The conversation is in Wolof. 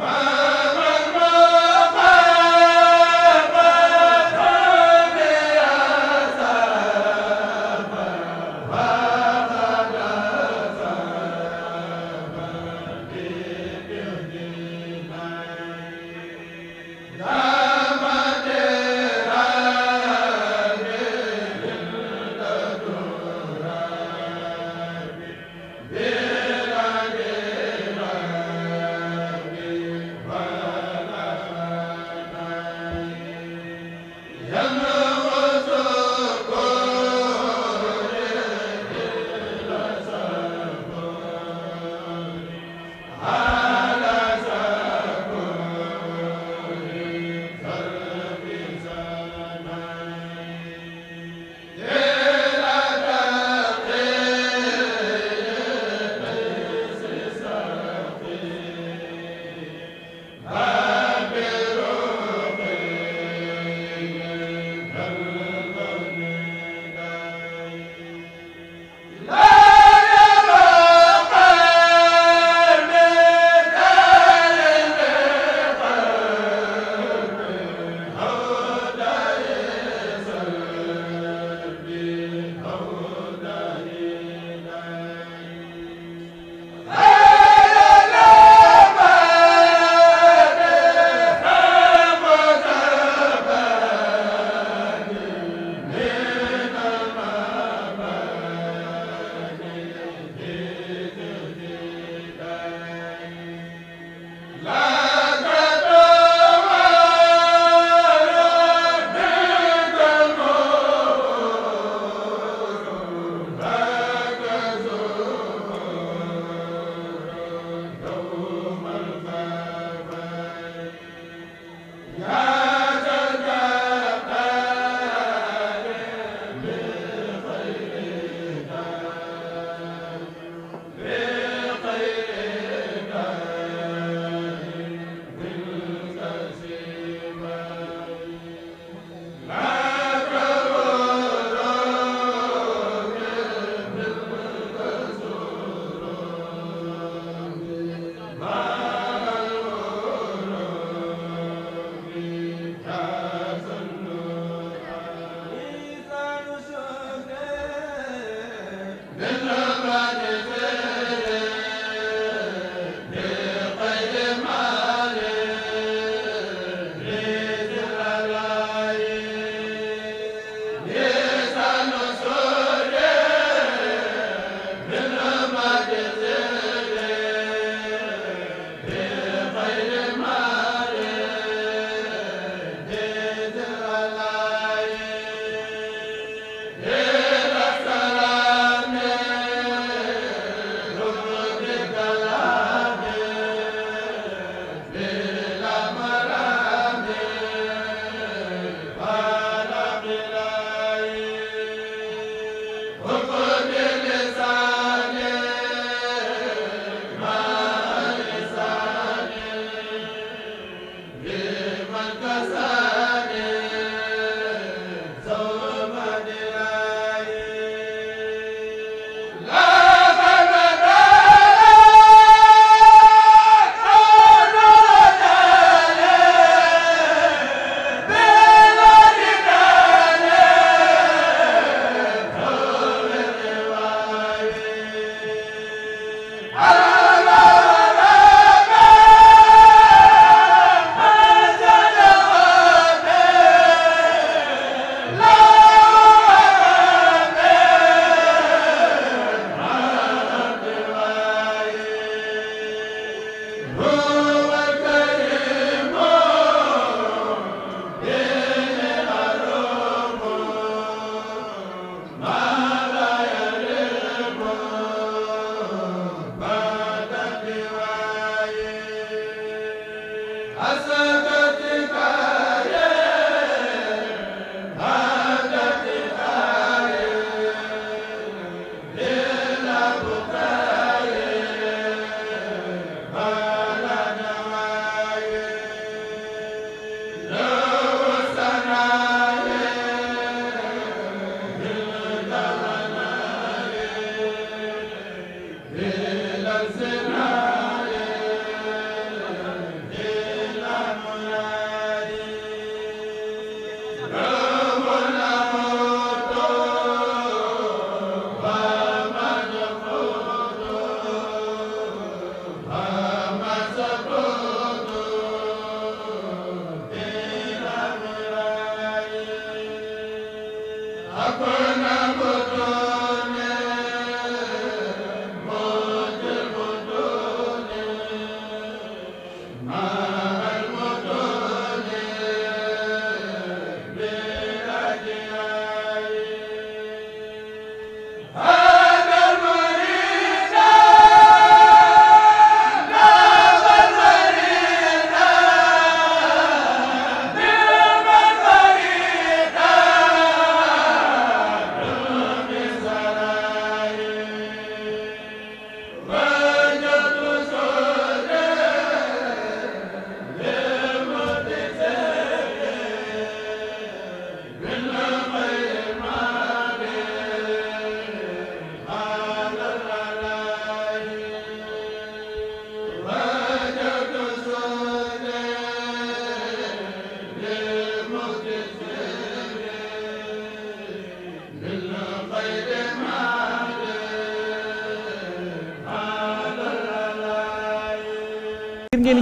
waaw yaa Akbar